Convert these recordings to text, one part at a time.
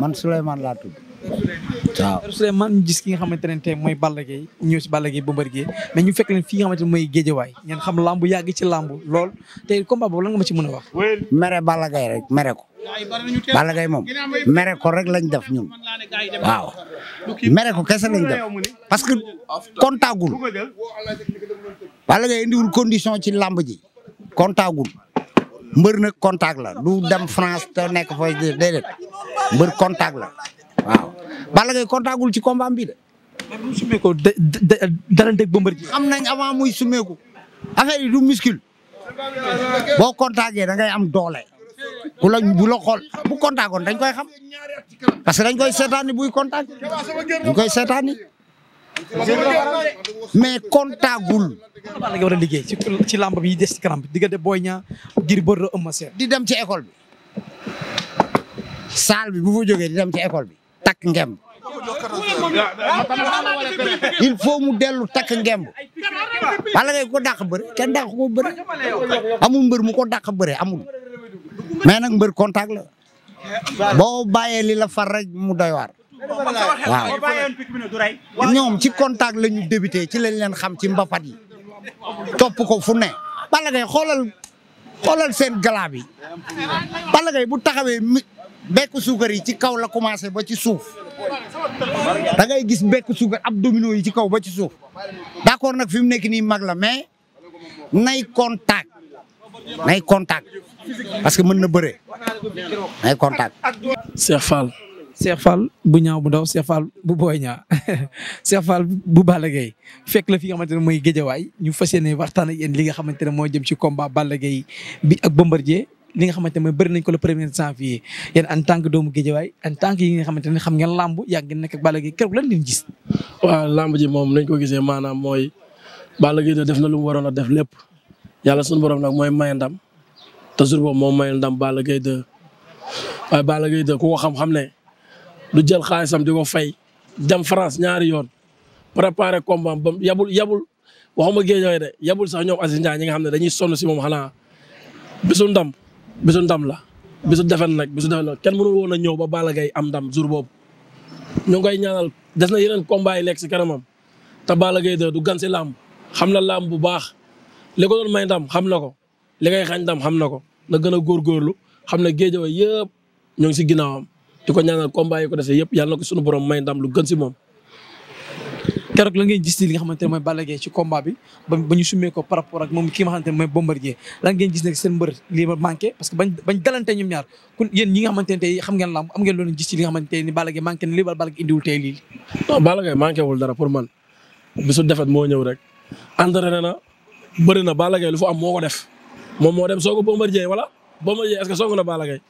man Souleymane laa tudd. waaw Père Souleymane ñu gis ki nga xamante ne tey mooy Balla Gaye ñëw si Balla Gaye Bombardier mais ñu fekk leen fi nga xamante ne mooy géejewaay ngeen xam lamb yàgg ci lamb lool tey combat boobu lan nga ma ci mën a wax. mere Balla Gaye rek mere ko. moom mere ko rek lañ def ñun waaw mere ko kese lañ def parce que kontagul Balla Gaye indiwul condition ci lamb ji kontagul mbër nag contact la du dem France te nekk fooy déedéet. mbër contact la waaw. Balla Gaye contactul ci combat bi de. mais bu summeekoo da da dana dégg Bombardier. xam nañ avant muy summeeku affaire yi du muscule boo contactee da ngay am doole ku la bu la xool bu contactoon dañ koy xam parce que dañ koy seetaani buy contact dañ koy seetaani mais contagul. Balla Gaye war a liggéey ci ci làmb yi des ci kanam diggante Boy Niang ngir bëri ëmb di dem ci école bi. saal bi bu fa jógee di dem ci école bi takk ngemb. il faut mu dellu takk ngemb. Balla Gaye ko dàq bëre kenn dàq ko bëre amul mbër mu ko dàq bëre amul mais nag mbër contact la boo bàyyee li la far rek mu doy waaw ñoom ci contact la ñu débuté ci lañ leen xam ci mbapat yi topp ko fu ne. Balla Gaye seen galaa bi bu taxawee bekk suukar yi ci kaw la commencé ba ci suuf da ngay gis bekk suukar ab domino yi ci kaw ba ci suuf d'accord nag fi mu nekk nii mag la mais nay contact nay contact parce que mën na bëre nay contact. Cheikh Fall. Cheikh bu ñaaw bu daw Cheikh Fall bu booy ñaa Cheikh Fall bu Balla geey fekk la fi nga xamante ne mooy géejawaay ñu fas yéene waxtaan ak yéen li nga xamante ne moo jëm ci combat Balla Gaye bi ak Bombardier li nga xamante mooy bëri nañ ko le premier janvier yéen en tant que doomu Géejawaay en tant que yi nga xamante ne xam ngeen làmb yàgg ngeen nekk ak Balla Gaye keroog lan ngeen gis. ji moom nañ ko maanaam mooy Balla Gaye def na lu mu waroon a def lépp yàlla suñu borom nag mooy may ndam te jour boobu moom may ndam Balla Gaye bala waaye Balla ku ko xam-xam ne du jël xaalisam di ko fay dem France ñaari yoon préparer combat ba yabul yabul géej Géejawaay de yabul sax ñoom Aziz ñi nga xam ne dañuy sonn si moom xanaa bisu ndam. bisu ndam la bisu defet nag bisu defet la kenn mënul woon a ñëw ba Balla Gaye am ndam jur boobu ñu ngi koy ñaanal des na yeneen combat yi nekk si kanamam te Balla Gaye de du gan si làmb xam na làmb bu baax li ko doon may ndam xam na ko li ngay xañ ndam xam na ko na gën a góorgóorlu xam géej géejawa yëpp ñoo ngi si ginnaawam di ko ñaanal combat yi ko dese yëpp yàlla na ko suñu borom may ndam lu gën si moom. keroog la ngeen gis li nga xamante ne mooy Balla Gaye ci combat bi ba ba ñu sumee ko par rapport ak moom ki nga xamante ne mooy Bombardier lan ngeen gis seen mbër lii ma parce que bañ bañ dalante ñoom ñaar kun yéen ñi nga xamante lamb am ngeen loolu gis ci li nga xamante wala Balla Gaye indiwul tey lii non Balla Gaye moo ñëw rek entraîné na bëri na Balla Gaye moo ko def moom moo dem soogu Bombardier wala Bombardier est-ce que song na Balla Gaye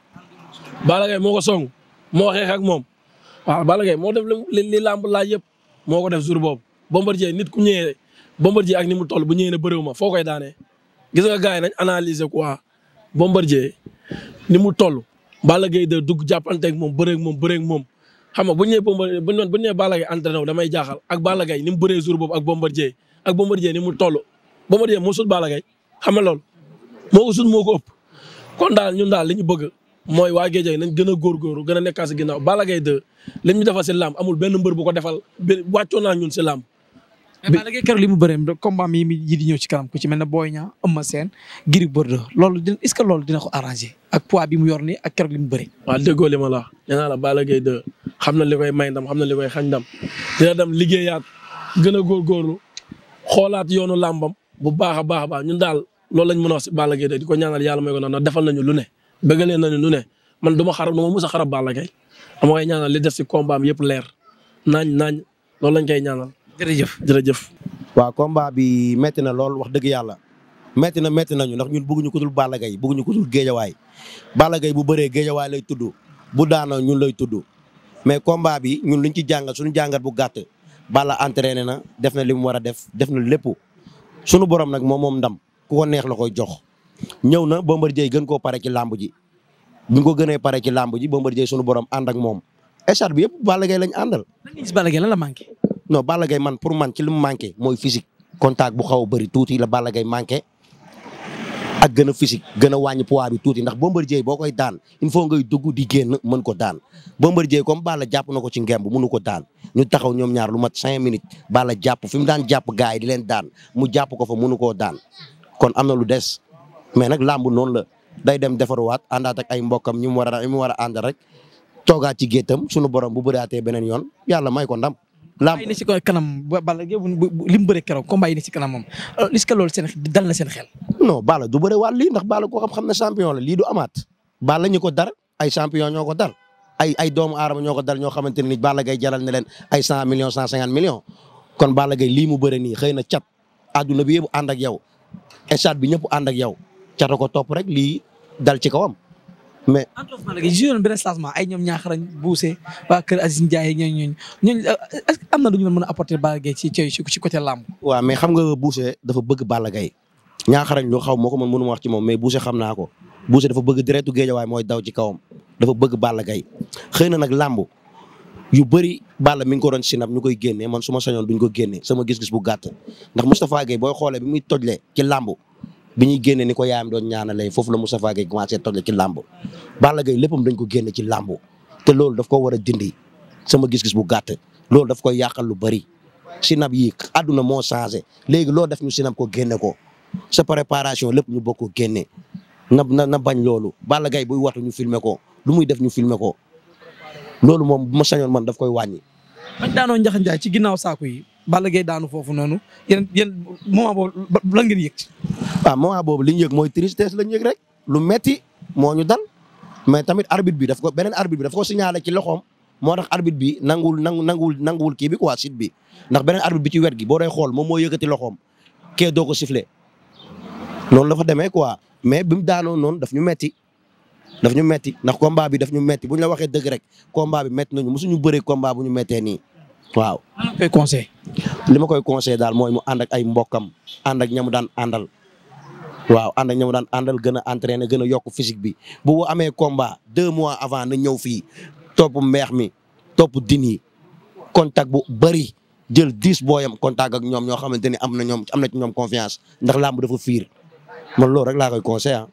moo ko song moo xeex ak moom waaw Balla moo def li lamb laaj yëpp moo ko def jour boobu Bombardier nit ku ñëwee Bombardier ak ni mu toll bu ñëwee ne bëriwu ma foo koy daane gis nga gars yi nañ analyser quoi Bombardier ni mu toll Balla Gaye de dugg jàppanteeg moom bëreeg moom bëreeg moom xam nga bu ñu nee Bombardier bu ñu doon bu ñu nee Balla damay jaaxal ak Balla Gaye ni mu bëree suur boobu ak Bombardier ak Bombardier ni mu toll Bombardier moo sut Balla Gaye xam nga loolu moo ko sut moo ko ëpp kon daal ñun daal li ñu bëgg mooy waa Géejawaay nañ gën a góorgóorlu gën a nekkaa si ginnaaw Balla Gaye 2 li ñu defal si làmb amul benn mbër bu ko defal benn naa ñun si làmb. mais Balla Gaye keroog li mu bëree combat mi yi di ñëw ci kanam ku ci mel ne Boy Niang Eumeu Sène Gris Bordeaux loolu dina est-ce que loolu dina ko arrangé ak poids bi mu yor nii ak keroog li mu bëri. waaw déggoo li ma la wax nee naa la Balla xam na li koy may ndam xam na li koy xañ ndam dina dem liggéeyaat gën a góorgóorlu xoolaat yoonu làmbam bu baax a baax a baax ñun daal loolu lañ mën a wax si Balla Gaye 2 di ko ñaanal yàlla nañu lu ne bëggalee nañu nu ne man du ma xarab du ma mus a xarab Balla Gaye dama koy ñaanal li def si combat am yëpp leer naañ naañ loolu lañ koy ñaanal. jërëjëf jërëjëf. waaw combat bi métti na lool wax dëgg yàlla métti na métti nañu ndax ñun bëgguñu ku dul Balla Gaye bëgguñu ku dul géejawaay Balla bu bëree géejawaay lay tudd bu daana ñun lay tudd mais combat bi ñun luñ ci jàngat suñu jàngat bu gàtt Balla entraîné na def na li mu war a def def na lépp suñu borom nag moom moom ndam ku ko neex la koy jox ñëw na Bombardier gën koo pare ci làmb ji bi nga ko gënee pare ci làmb ji Bombardier sunu borom ànd ak moom écharpe bi yëpp Balla Gaye lañ àndal. lan nga gis la manqué. non Balla Gaye man pour man ci lu mu manqué mooy physique contact bu xaw a bëri tuuti la Balla Gaye manqué ak gën a physique gën a wàññi poids bi tuuti ndax Bombardier boo koy daan il faut ngay dugg di génn mën ko daan Bombardier comme Balla jàpp na ko ci ngemb mënu ko daan ñu taxaw ñoom ñaar lu mat cinq minutes bala jàpp fi mu daan jàpp gars yi di leen daan mu jàpp ko fa mënu koo daan mais nag làmb noonu la day dem defaruwaat àndaat ak ay mbokkam ñu mu war a ñu war a àndal rek toogaat ci géttam sunu borom bu bëraatee beneen yoon yàlla may ko ndam. làmb yi ne si kanam ba Balla mu bëre keroog combat yi ne si kanam moom euh, est ce que loolu seen dal na seen xel. no Balla du bëre waat lii ndax Balla ko xam-xam ne champion la lii du amaat Balla ñu ko dar ay champion ñoo ko dar. ay ay doomu aadama ñoo ko dal ñoo xamante ne baala gay Gaye jaral ne leen ay cent millions cent cinquante millions kon Balla Gaye lii mu bëre nii xëy na cat àdduna bi yëpp ànd ak yow stade bi ñëpp ànd ak yow cata ko topp rek lii dal ci kawam mais. entraînement nag yi yoon ay ñoom ñaaxarañ buuse waa kër Aziz Ndiaye ñooñu ñooñu euh, est-ce que am na lu ñu mën a apporter Balla Gaye ci ci ci côté làmb. waaw mais xam nga buuse dafa bëgg Balla Gaye ñaaxarañ lu xaw moo ko mën mënuma wax ci moom mais buuse xam naa ko buuse dafa bëgg deretu waay mooy daw ci kawam dafa bëgg Balla Gaye xëy na nag làmb yu bëri Balla mi ngi ko doon sinab ñu koy génnee man su ma sañoon duñ ko génnee sama gis-gis bu gàtt ndax Moustapha Gueye booy xoolee bi muy tojlee ci làmb bi ñuy génne ni ko yaayam doon ñaanalee foofu la Moustapha Gueye commencé toll ci làmb Balla Gaye léppam dañ ko génne ci làmb te loolu daf ko war a dindi sama gis-gis bu gàtt loolu daf koy yàqal lu bari bëri sinab yi àdduna moo changé léegi loo def ñu sinab ko génne ko sa préparation lépp ñu bokk ko génne na na na bañ loolu Balla gay buy watu ñu filmer ko lu muy def ñu filmer ko loolu moom bu ma sañoon man daf koy wàññi. bañ daanoo Ndiakhate ci ginnaaw Balla Gaye daanu foofu noonu yéen yéen moment boobu lan ngeen yëg ci. waaw ah, moment boobu li ñu yëg mooy tristesse la yëg rek lu metti moo ñu dal mais tamit arbitre bi daf ko beneen arbitre bi daf ko signalé ci loxoom moo tax arbitre bi nanguwul nangu nanguwul nanguwul kii bi quoi sit bi ndax beneen arbitre bi ci wet gi boo doy xool moom moo yëkkati loxoom kee doo ko sifflé noonu la fa demee quoi mais bi mu daanoo noonu daf ñu metti daf ñu metti ndax combat bi daf ñu metti bu ñu la waxee dëgg rek combat bi metti nañu mosuñu bëree combat bu ñu mettee nii. waaw. lan koy conseil li ma koy conseil daal mooy mu ànd ak ay mbokkam ànd ak ñamu daan àndal. waaw ànd ak daan àndal gën a entraîner gën a yokk physique bi bu amee combat deux mois avant na ñëw fii topp mbeex mi topp din yi contact bu bëri jël dix booyam contact ak ñoom ñoo xamante ni am na ñoom am na ci ñoom confiance ndax làmb dafa fiir man loolu rek laa koy conseillé ah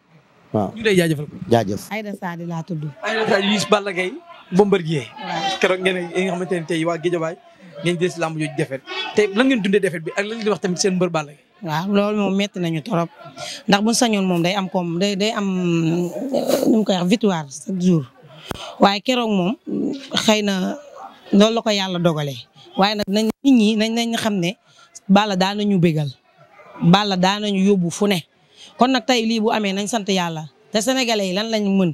waaw. ñu mbër Bombardier keroog ngeen yi nga te ne tey waa Guédiawaye ngeen jël si lamb yooyu defet te la ngeen dundee defet bi ak lan ngeen wax tamit seen mbër Balla Gaye waaw loolu moom metti nañu torop ndax bu sañoon moom day am comme day day am euh, nu mu koy wax victoire chaque jour waaye keroog moom xëy na loolu la ko yàlla dogalee waaye nag na nit ñi nañ nañ xam ne Balla daanañu bégal Balla daanañu yóbbu fu ne kon nag tey lii bu amee nañ sant yàlla te sénégalais yi lan lañ mën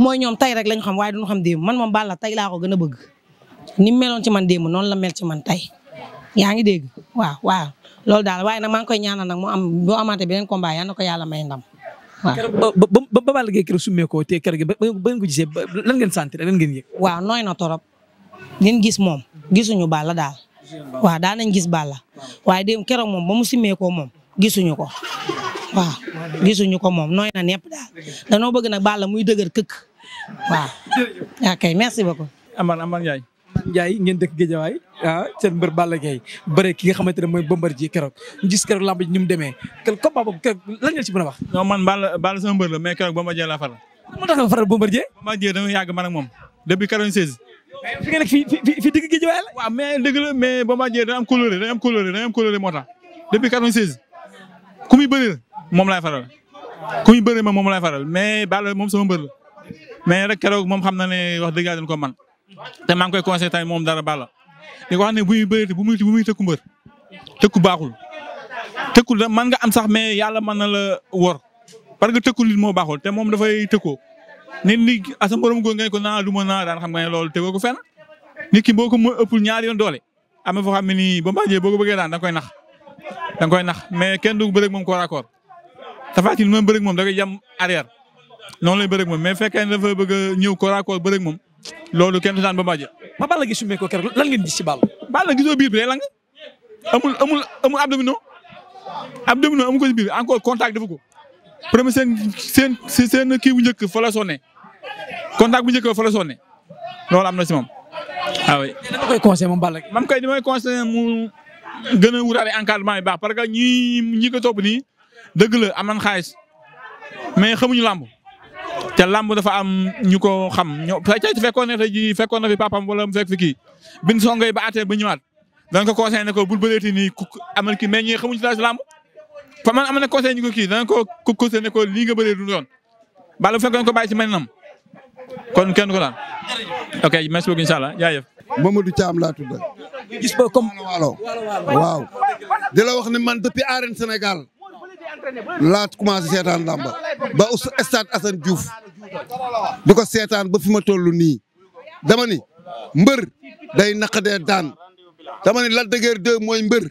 mooy ñoom tey rek lañ xam waaye duñu xam démb man moom Balla tey laa ko gën a bëgg ni mu meloon ci man noonu la mel ci man tey yaa ngi dégg waaw waaw loolu daal waaye nag maa ngi koy ñaanal nag mu am boo amaatee beneen combat yaa ko yàlla may ndam waaw. ba ba ba Balla Gaye keroog summee ko te keroog ba baa ngeen ko gisee lan ngeen sentir lan ngeen yëg. waaw nooy na torop ngeen gis moom gisuñu Balla daal waaw daan nañ gis Balla waaye démb keroog moom ba mu summee moom gisuñu ko waaw gisuñu ko moom nooy na nepp daal danoo bëgg nag Balla muy dëgër këkk waaw. ok merci beaucoup. Amar Amar Ndiaye. Ndiaye ngeen dëkk Géejawaay ah seen mbër Balla Gaye bëre ki nga xamante ne mooy Bombardier keroog ñu gis keroog lamb ji ni mu demee keroog combat boobu keroog lan ngeen ci mën a wax. non man Balla Balla sama mbër la mais keroog Bombardier laa faral. yàgg man ak moom depuis 96. fi nga nekk fi fi fi dëgg Géejawaay la. mais dëgg la mais Bombardier dana am coloré dana am coloré dana am coloré moo tax depuis 96 ku moom laay faral ku ñu bëree ma moom laay faral mais Balla moom sama mbër la mais rek keroog moom xam na ne wax dëgg yàlla dañ ko man te maa ngi koy conseillé tamit moom dara Balla di ko wax ne bu ñuy bëree bu muy bu muy tëkku mbër tëkku baaxul tëkku da mën nga am sax mais yàlla mën na la wor parce que tëkku moo baaxul te moom dafay tëkkoo nit li asa ah, naa du ma daan xam nga ne loolu tegoo ko fenn nit ki boo ko mën ëppul ñaari am na xam ne nii Bombardier boo ko bëggee daan da koy nax da koy nax mais kenn du bëreeg moom ko raccord Tapha Tine lu moom da koy yem arrière noonu lay bëreeg moom mais fekkee ne dafa bëgg a ñëw corps à corps bëreeg moom loolu kenn du ba bàjjee. ma Balla gi sumee ko keroog biir bi day amul amul amul amul ko ci biir encore contact defu ko. premier seen seen seen bu njëkk fa la contact bu njëkk fa la loolu am na si moom waaw. Ah dama koy conseillé moom Balla gi. man mu gën a wutaale encadrement yi baax parce que ñii ñi ko topp nii. dëgg la am nañ xaalis mais xamuñu làmb te làmb dafa am ñu ko xam ñoo fekkoon ne tey jii fekkoon na fi papam wala mu fekk fi kii bin songay ba àttee ba ñëwaat danañ ko conseillé ne ko bul bëreeti nii ku amal kii mais ñii xamuñu si làmb fa man am na conseil ñu ko kii danañ ko ku conseillé ko lii nga bëree du yoon bala bu fekkoon ko bàyyi si maninam kon ken ko daan ok merci beaucoup incha allah jaajëf. Mamadou Thiam laa tudd. gis nga comme waaw. di la wax ne man depuis arène Sénégal. laa commencé seetaan làmba ba stade Assane Diouf di ko seetaan ba fi ma toll nii dama ni mbër day naqadee daan dama ni Lac de Guiers mooy mbër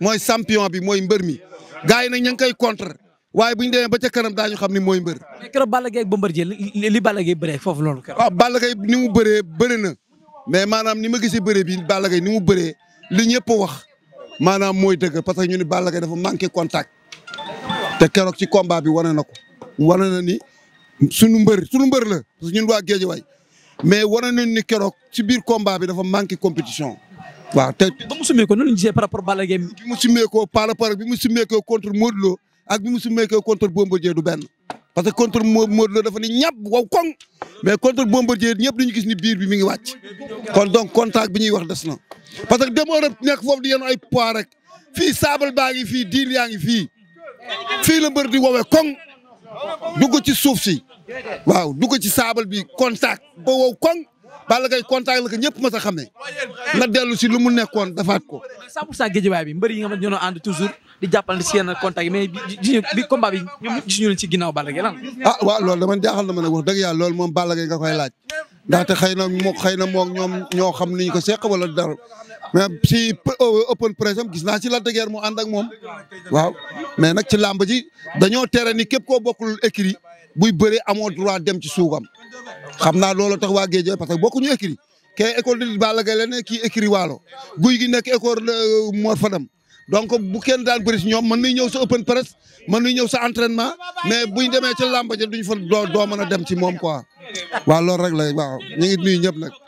mooy champion bi mooy mbër mi gars yi nag ña ngi koy contre waaye bu ñu demee ba ca kanam daañu xam ni mooy mbër. mais keroog Balla Gaye li li Balla bëree foofu loolu. waaw ah, Balla Gaye bëree bëri na mais maanaam ni ma gisee bëree bi Balla Gaye ni mu bëree li ñëpp wax maanaam mooy dëgg parce que ñu ne Balla Gaye dafa manqué contact. te keroog ci combat bi wane na ko wane na ni sunu mbër la parce que ñun waa Géejawaay mais wane nañ ni keroog ci biir combat bi dafa manqué compétition. waaw te ba mu sumee ko noonu ñu gisee par rapport Balla Gaye bi mu sumee ko par rapport bi mu sumee ko contre Modou Lo ak bi mu sumee ko contre Bombardier du benn. parce que contre Modou Lo dafa ni biir bi mi ngi wàcc kon donc contact bi ñuy wax des parce que demoon nekk foofu di yenu ay poids rek fii saabal baa fii la mbër di woowee koŋ dugg ci suuf si waaw dugg ci saabal bi contact ba wow koŋ Balla Gaye contact la ko ñëpp ma sa xamee nga dellu si lu mu nekkoon dafaat ko. cent pour cent géejewaay bi mbër yi nga xam ne ñoo ànd toujours di jàppal si yenn contact yi mais bi combat bi ñoom gis ñu leen si ginnaaw Balla Gaye lan. ah waaw loolu dama jaaxal na ma ne wax dëgg yàlla loolu moom Balla Gaye nga koy laaj ndaxte xëy na moo xëy na moom ñoom ñoo xam ni ñu ko seq wala dara mais si open press am gis naa ci Lac de Guiers mu ànd moom waaw mais nag ci làmb ji dañoo tere ni képp koo bokkul écrit buy bëri amoo droit dem ci suugam xam naa loolu tax waa géej parce que bokkuñu écrit kee école de Balla Gaye la ne kii écrit waalo guy gi nekk école euh, Mor Fadam donc bu kenn daan bëri si ñoom mën nañ ñëw sa open press mën nañ ñëw sa entraînement mais buñ demee ci làmb ji duñ fo doo doo mën a dem ci moom quoi waaw loolu rek la waaw ñu ngi nuyu ñëpp nag.